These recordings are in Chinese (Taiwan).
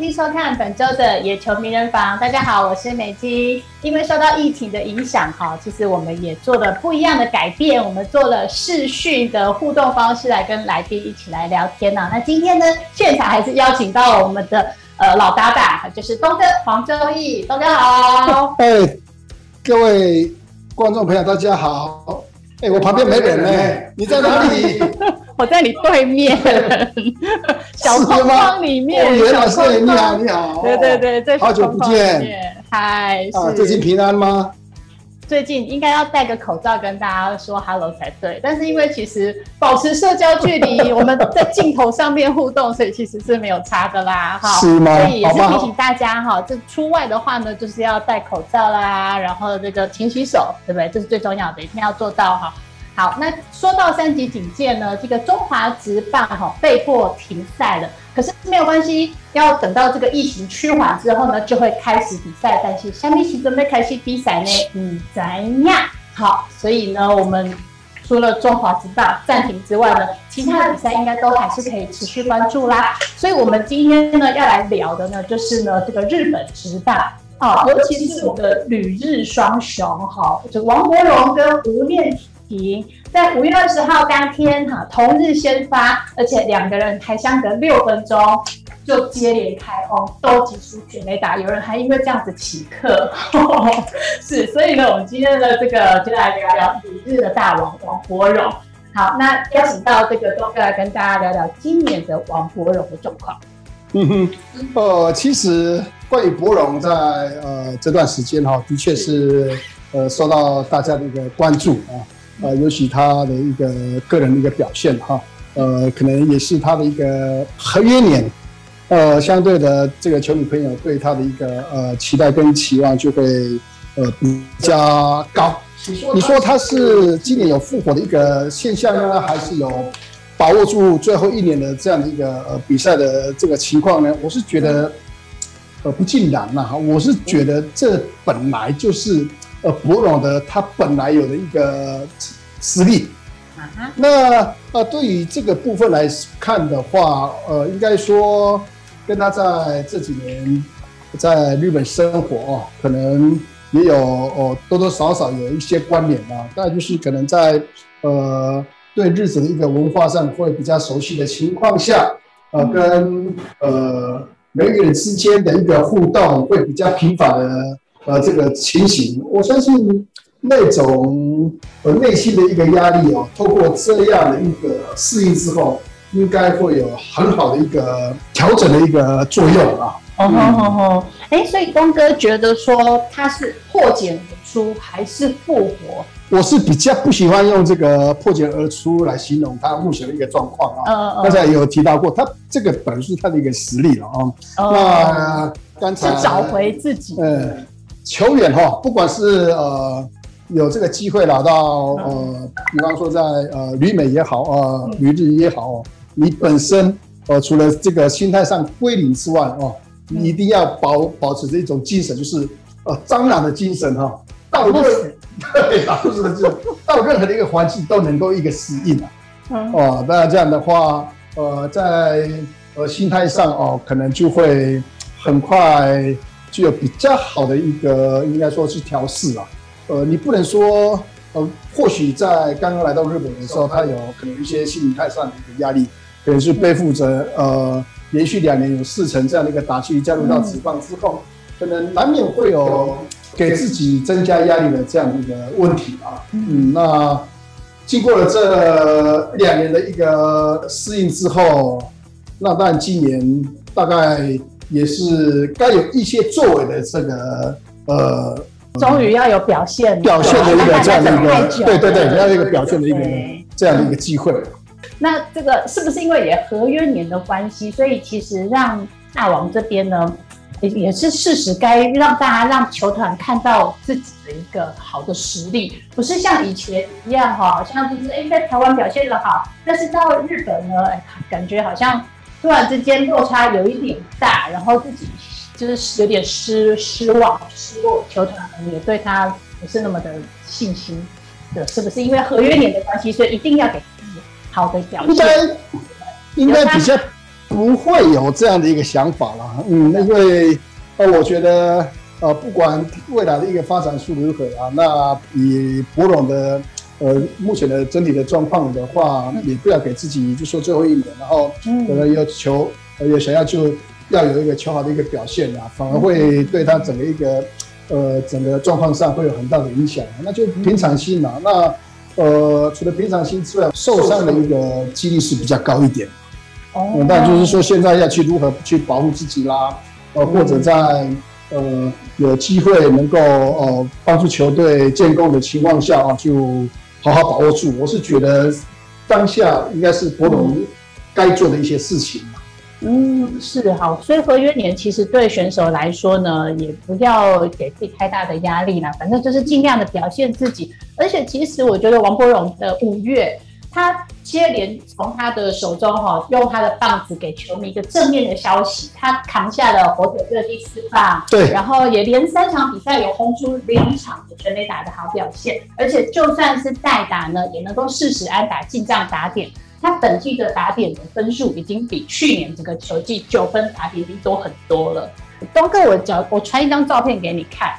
歡迎收看本周的《野球名人房》。大家好，我是美姬。因為受到疫情的影響，哈，其實我們也做了不一樣的改變。我們做了視訊的互動方式來跟來賓一起來聊天呢、啊。那今天呢，現場還是邀請到我們的呃老搭檔，就是東哥黃忠義。東哥好。哎，各位觀眾朋友，大家好。哎，我旁邊沒人呢，你在哪裡？ 我在你對面小框框裡面、啊。老師、哎、你好，你好。對對對，哦，好久不見。嗨。最近、啊、平安嗎？最近應該要戴個口罩跟大家說哈 e 才對。但是因為其實保持社交距離，我們在鏡頭上面互動，所以其實是沒有差的啦。是嗎？所以也是提醒大家哈，這出外的話呢，就是要戴口罩啦，然後這個勤洗手，對不對？這是最重要的，一定要做到哈。好，那說到三級警戒呢，這個中華職棒哈、哦、被迫停賽了，可是沒有關係，要等到這個疫情趨緩之後呢，就會開始比賽。但是下面是準備開始比賽呢，嗯，怎樣？好，所以呢，我們除了中華職棒暫停之外呢，其他的比賽應該都還是可以持續關注啦。所以，我們今天呢要來聊的呢，就是呢這個日本職棒啊、哦，尤其是我們的旅日雙雄哈、哦，就王柏融跟吳念庭，在五月二十號當天，哈、啊、同日先發，而且兩個人還相隔六分鐘就接連開轟，都擊出全壘打，有人還因為這樣子起課，是，所以呢，我們今天的這個就來聊聊五日的大王王柏融。好，那邀請到這個東哥來跟大家聊聊今年的王柏融的狀況。嗯哼，呃，其實關於柏融在呃這段時間哈、喔，的確是，是的呃受到大家的一個關注啊。啊、呃，尤其他的一個個人的一個表現哈、啊，呃，可能也是他的一個合約年，呃，相對的這個球迷朋友對他的一個呃期待跟期望就會呃比較高。說，你說他是今年有復活的一個現象呢，還是有把握住最後一年的這樣的一個呃比賽的這個情況呢？我是覺得呃不盡然啦。我是覺得這本來就是。呃，柏融的他本來有的一個實力，那呃對於這個部分來看的話，呃，應該說跟他在這幾年在日本生活、啊、可能也有多多少少有一些關聯吧。大概就是可能在呃對日本的一個文化上會比較熟悉的情況下，呃，跟呃人與人之間的一個互動會比較頻繁的。呃，這個情形，我相信那種呃內心的一個壓力哦、啊，透過這樣的一個適應之後，應該會有很好的一個調整的一個作用啊。哦吼吼吼！哎、欸，所以光哥覺得說他是破繭而出還是復活？我是比較不喜歡用這個破繭而出來形容他目前的一個狀況啊。嗯嗯。剛才有提到過，他這個本是他的一個實力了啊。哦。Oh, oh, oh. 那剛才是找回自己。嗯。球員哈，不管是呃有這個機會拿到呃，比方說在呃，旅美也好，呃，旅日也好，哦，你本身呃，除了這個心態上歸零之外哦，你一定要保保持這種精神，就是呃，蟑螂的精神哈，哦，到任， 對、啊就是就，到任何的一個環境都能夠一個適應哦，那這樣的話，呃，在呃心態上哦，可能就會很快。具有比較好的一個，應該說是調適啊，呃，你不能說，呃，或許在剛剛來到日本的時候的，他有可能一些心態上的一個壓力、嗯，可能是背負着呃，連續兩年有四成這樣的一個打擊加入到職棒之後、嗯，可能難免會有給自己增加壓力的這樣一個問題啊、嗯。嗯，那經過了這兩年的一個適應之後，那當然今年大概。也是該有一些作為的這個呃，終於要有表現了、嗯，表現的一個 這樣的一個，對對對，要一個表現的一個這樣的一個機會，會。那這個是不是因為也合約年的關係，所以其實讓大王這邊呢，也也是事實該讓大家讓球團看到自己的一個好的實力，不是像以前一樣哈、哦，像就是哎在、欸、台灣表現的好，但是到日本呢，哎、欸、感覺好像。突然之間落差有一點大，然後自己就是有點失失望，失落。球團也對他不是那麼的信心的，的是不是？因為合約年的關係，所以一定要給好的表現。應該應該比較不會有這樣的一個想法了。嗯，因為呃，我覺得呃，不管未來的一個發展速度如何啊，那以柏融的。呃，目前的整體的狀況的話，你、嗯、不要給自己就說最後一年，然後可能要求呃想要就要有一個求好的一個表現啊，反而會對他整個一個呃整個狀況上會有很大的影響。那就平常心嘛、啊嗯。那呃，除了平常心之外，受傷的一個幾率是比較高一點。哦。但、嗯、就是說現在要去如何去保護自己啦、啊，呃，或者在呃有機會能夠呃幫助球隊建功的情況下啊，就。好好把握住，我是覺得當下應該是柏融該做的一些事情嘛，嗯，是好，所以合約年其實對選手來說呢，也不要給自己太大的壓力啦，反正就是盡量的表現自己。而且其實我覺得王柏融的五月。他接連從他的手中哈、哦，用他的棒子給球迷一個正面的消息。他扛下了火腿隊第四棒，對，然後也連三場比賽有轟出兩場的全壘打的好表現，而且就算是代打呢，也能夠適時安打進帳打點。他本季的打點的分數已經比去年整個球季九分打點，已經多很多了。東哥，我找，我傳一張照片給你看。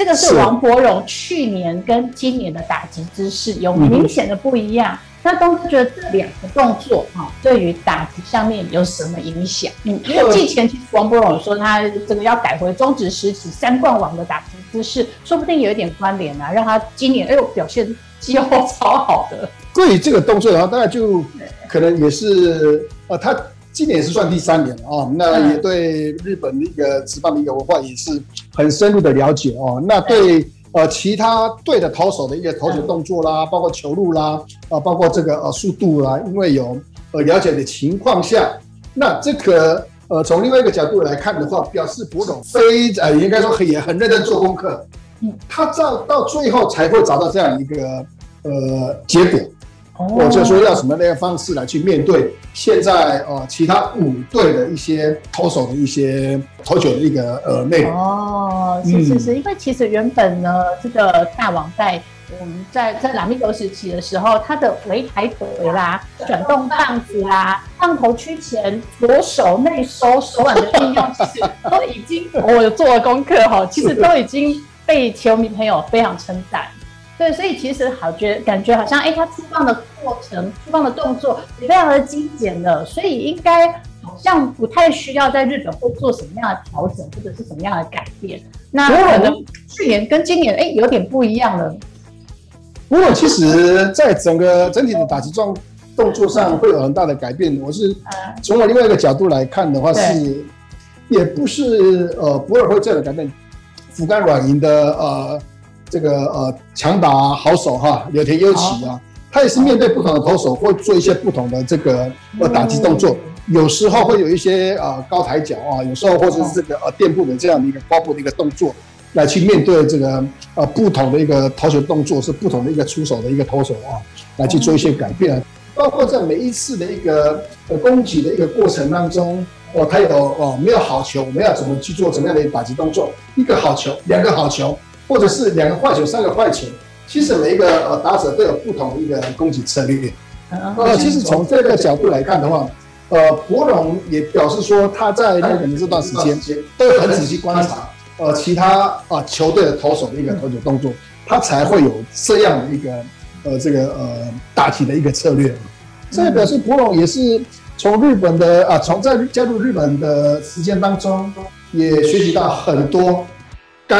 這個是王柏融去年跟今年的打擊姿勢有明顯的不一樣。那、嗯、都覺得這兩個動作哈、哦，對於打擊上面有什麼影響？嗯，因為之前王柏融說他這個要改回中指食指三冠王的打擊姿勢，說不定有一點關聯啊，讓他今年哎呦表現幾乎超好的。關於這個動作的話，大概就可能也是啊、哦、他。今年也是算第三年了啊、哦，那也對日本的一個職棒的一個文化也是很深入的了解哦。那對呃其他隊的投手的一個投球動作啦，包括球路啦，啊、呃，包括這個呃速度啦，因為有呃了解的情況下，那這個呃從另外一個角度來看的話，表示柏融，非呃應該說也很認真做功課。他到到最後才會找到這樣一個呃結果，或、哦、者說要什麼那個方式來去面對。現在呃，其他五隊的一些投手的一些投球的一個呃內容哦，是是是，嗯,因為其實原本呢，這個大王在我們在在拉米戈時期的時候，他的揮抬腿啦、轉動棒子啦、棒頭屈前、左手內收、手腕的運用，其實都已經 我有做了功課哈，其實都已經被球迷朋友非常稱讚。對，所以其實好覺得感覺好像哎，他出棒的過程、出棒的動作非常的精簡了，所以應該好像不太需要在日本會做什麼樣的調整或者是什麼樣的改變。那柏融，去年跟今年哎有點不一樣了。柏融其實，在整個整體的打擊狀動作上會有很大的改變。我是從我另外一個角度來看的話是，也不是呃，柏融會這樣的改變，福岡軟銀的呃。這個呃強打、啊、好手哈、啊，柳田悠岐啊,啊，他也是面對不同的投手，會做一些不同的這個呃打擊動作、嗯。有時候會有一些、嗯、呃高抬腳啊，有時候或者是這個、嗯、呃墊步、呃、的這樣的一個包步的一個動作，來去面對這個呃不同的一個投球動作，是不同的一個出手的一個投手啊，來去做一些改變、啊。包括在每一次的一個呃攻擊的一個過程當中，哦、呃，他有哦沒有好球，我們要怎麼去做什麼樣的打擊動作、嗯？一個好球，兩個好球。或者是兩個壞球，三個壞球，其實每一個呃打者，都有不同的一個攻擊策略。嗯啊呃、其實從這個角度來看的話，呃，柏融也表示說他在日本的這段時間都很仔細觀察、嗯、呃其他啊、呃、球隊的投手的一個投球動作，嗯、他才會有這樣的一個呃這個呃大體的一個策略。這、嗯、也表示柏融也是從日本的啊從、呃、在加入日本的時間當中也學習到很多該。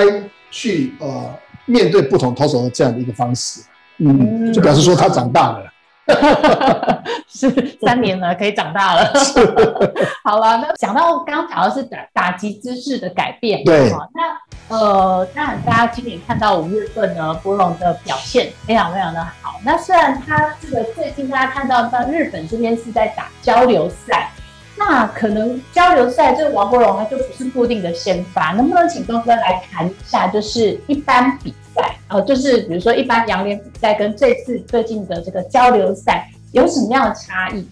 去呃，面對不同投手的這樣的一個方式嗯，嗯，就表示說他長大了，嗯、 是三年了，可以長大了。是 好了，那講到剛剛講的是打打擊姿勢的改變，對，那呃那大家今年看到五月份呢，柏融的表現非常非常的好，好。那雖然他這個最近大家看到到日本這邊是在打交流賽。那、啊、可能交流賽，這個王柏融他就不是固定的先發，能不能請忠哥來談一下，就是一般比賽，呃，就是比如說一般洋聯比賽跟這次最近的這個交流賽有什麼樣的差異？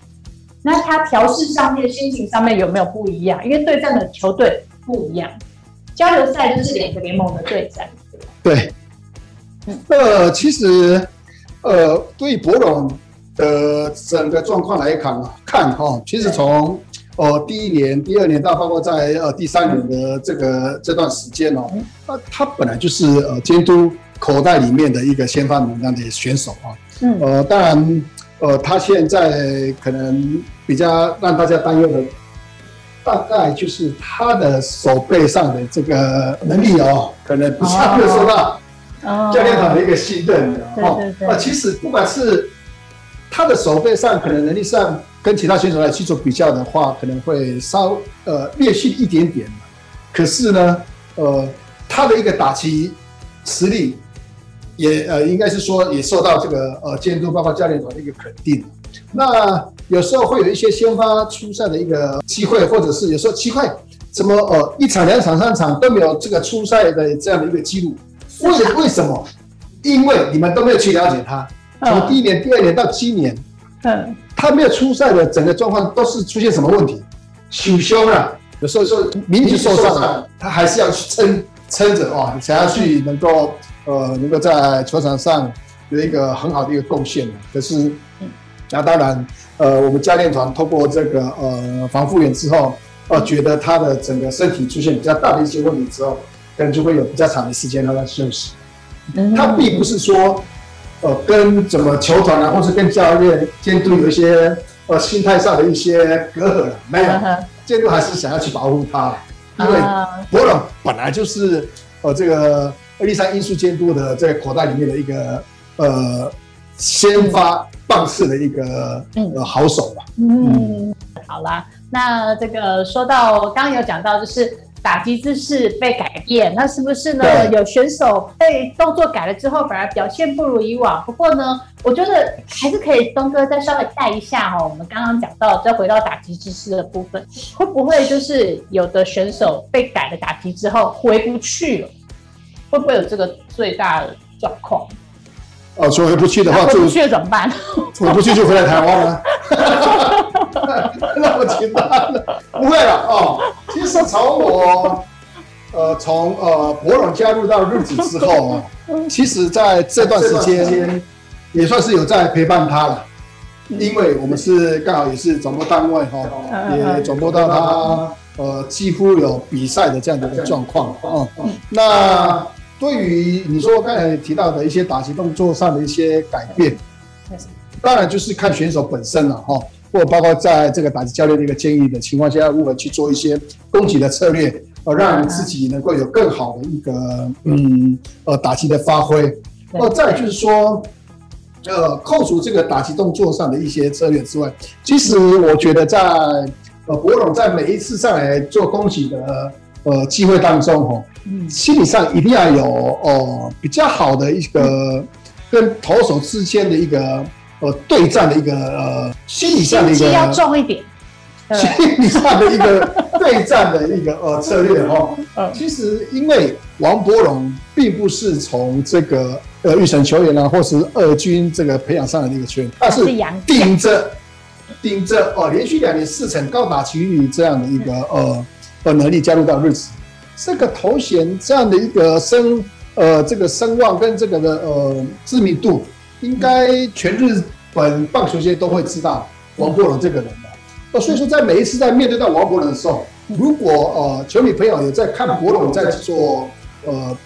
那他調試上面、心情上面有沒有不一樣？因為對戰的球隊不一樣，交流賽就是兩個聯盟的對戰對。對，呃，其實，呃，對柏融的整個狀況來看，看哈，其實從。哦、呃，第一年、第二年，到包括在呃第三年的這個這段時間哦，那、嗯呃、他本來就是呃監督口袋裡面的一個先發能量的選手啊、哦。嗯。呃，當然，呃，他現在可能比較讓大家擔憂的，大概就是他的手背上的這個能力哦，嗯、可能不是，沒有受到、哦、教練團的一個信任的哈、哦嗯呃。其實不管是。他的手背上可能能力上跟其他選手來去做比較的話，可能會稍呃略遜一點點。可是呢，呃，他的一個打擊實力也呃應該是說也受到這個呃監督、包括教練團的一個肯定。那有時候會有一些先發出賽的一個機會，或者是有時候奇怪，怎麼呃一場、兩場、三場都沒有這個出賽的這樣的一個記錄。為為什麼？因為你們都沒有去了解他。從第一年、第二年到今年，哦、嗯，他沒有出賽的整個狀況都是出現什麼問題？取休了，有時候說明顯受傷，他還是要去撐撐着啊，想、哦、要去能夠、嗯、呃能夠在球場上有一個很好的一個貢獻的。可是，那、啊、當然，呃，我們教練團通過這個呃防護員之後，呃，覺得他的整個身體出現比較大的一些問題之後，可能就會有比較長的時間讓他休息，嗯。他並不是說。呃，跟怎麼球團啊，或是跟教練監督有一些呃心態上的一些隔閡了沒有？監督還是想要去保護他，因為博朗本來就是呃這個 A 三因素監督的在口袋裡面的一個呃先發棒式的一個、嗯呃、好手吧嗯。嗯，好啦，那這個說到剛有講到就是。打擊姿勢被改變，那是不是呢？有選手被動作改了之後，反而表現不如以往。不過呢，我覺得還是可以東哥再稍微帶一下哈、哦。我們剛剛講到，再回到打擊姿勢的部分，會不會就是有的選手被改了打擊之後回不去了？會不會有這個最大的狀況？哦、啊，說回不去的話，啊、回不去怎麼辦？回不去就回來台灣了、啊。 那麼極端的，不會了、啊。哦。從我，呃，從呃柏融加入到日子之後啊，其實在這段時間也算是有在陪伴他了，因為我們是剛好也是轉播單位哈，也轉播到他呃幾乎有比賽的這樣的一個狀況啊，那對於你說剛才提到的一些打擊動作上的一些改變，當然就是看選手本身了、啊、哈。或包括在這個打擊教練的一個建議的情況下，如何去做一些攻擊的策略，呃，讓自己能夠有更好的一個嗯呃打擊的發揮。那、呃、再就是說，呃，扣除這個打擊動作上的一些策略之外，其實我覺得在呃柏融在每一次上來做攻擊的呃機會當中，哈、哦，心理上一定要有哦、呃、比較好的一個跟投手之間的一個。呃，對戰的一個呃，心理上的一個，要重一點，心理上的一個對戰的一個 呃策略哈。其實因為王柏融並不是從這個呃育成球員啊，或是二軍這個培養上的一個圈，但是頂着頂着哦，連續兩年四成高達區域這樣的一個呃、嗯、呃能力加入到日職這個頭銜這樣的一個聲呃這個聲望跟這個的呃知名度。應該全日本棒球界都會知道王柏融這個人的。所以說在每一次在面對到王柏融的時候，如果呃球迷朋友有在看柏融在做呃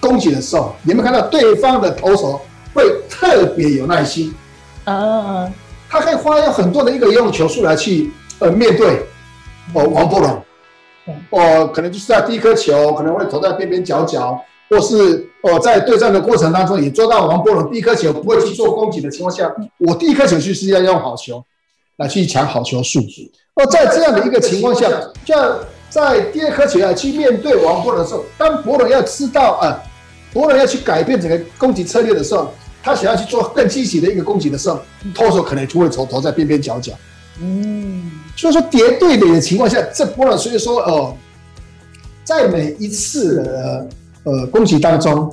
攻擊的時候，你有沒有看到對方的投手會特別有耐心啊，他可以花很多的一個用球數來去呃面對哦、呃、王柏融，哦可能就是在第一顆球可能會投在邊邊角角。或是我、呃、在對戰的過程當中，也做到王柏融第一顆球不會去做攻擊的情況下，我第一顆球就是要用好球來去搶好球數值。哦，在這樣的一個情況下，要在第二顆球啊去面對王柏融的時候，當柏融要知道啊、呃，柏融要去改變整個攻擊策略的時候，他想要去做更積極的一個攻擊的時候，投手可能就會從頭在邊邊角角。嗯，所以說疊對壘的一個情況下，這波呢，所以說哦，在每一次的。呃，攻擊當中，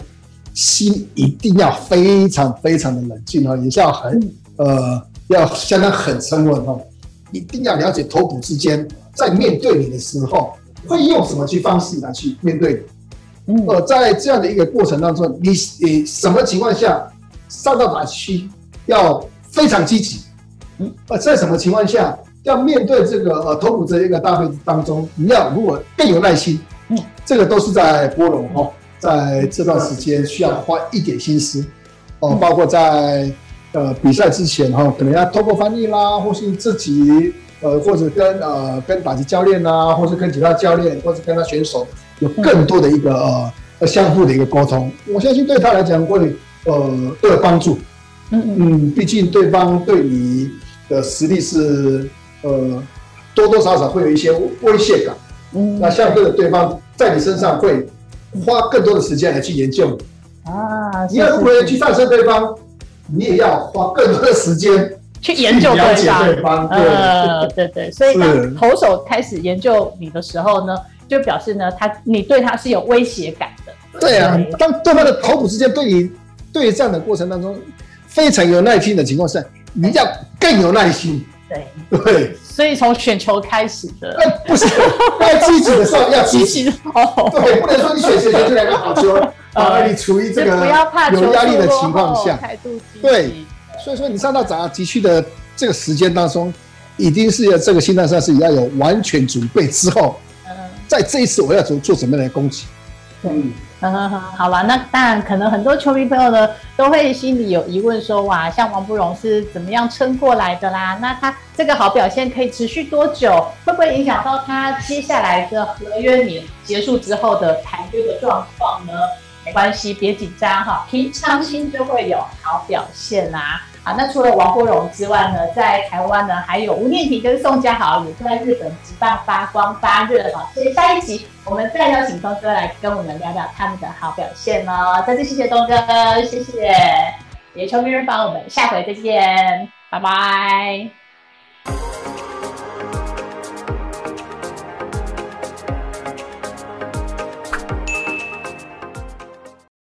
心一定要非常非常的冷靜哦，也是要很呃，要相當很沉穩哦。一定要了解投捕之間在面對你的時候會用什麼去方式來去面對你。你、嗯。呃，在這樣的一個過程當中，你你什麼情況下上到哪去，要非常積極、嗯？呃，在什麼情況下要面對這個呃投捕這一個大位置當中，你要如果更有耐心、嗯。這個都是在柏融哦。呃在這段時間需要花一點心思，哦，包括在呃比賽之前哈，可能要透過翻譯啦，或是自己呃，或者跟呃跟打擊教練啊，或是跟其他教練，或是跟他選手有更多的一個呃相互的一個溝通、嗯。我相信對他來講會有呃都有幫助。嗯嗯，畢竟對方對你的實力是呃多多少少會有一些威脅感。嗯、那相對的，對方在你身上會。花更多的時間來去研究啊，你要不能去戰勝對方，你也要花更多的時間去，去研究了解對方。對對對，對對對，所以當投手開始研究你的時候呢，就表示呢，他你對他是有威脅感的。對啊，對，當對方的投手之間對你對戰的過程當中，非常有耐心的情況下，你一定要更有耐心。對，對所以從選球開始的，那不是該積極的時候要積極哦。對，不能說你選選球就來個好球，而你處於這個有壓力的情況下，對，所以說你上到閘急需的這個時間當中，一定是這個心態上是你要有完全準備之後。在這一次我要做做什麼樣的攻擊？嗯。嗯，好啦，那當然，可能很多球迷朋友呢，都會心裡有疑問說，說哇，像王柏融是怎麼樣撐過來的啦？那他這個好表現可以持續多久？會不會影響到他接下來的合約年結束之後的談約的狀況呢？沒關係，別緊張哈，平常心就會有好表現啦。好，那除了王柏融之外呢，在台灣呢還有吳念庭跟宋家豪也在日本職棒發光發熱啊！所以下一集我們再邀請東哥來跟我們聊聊他們的好表現哦！再次謝謝東哥，謝謝，野球名人房，我們下回再見，拜拜。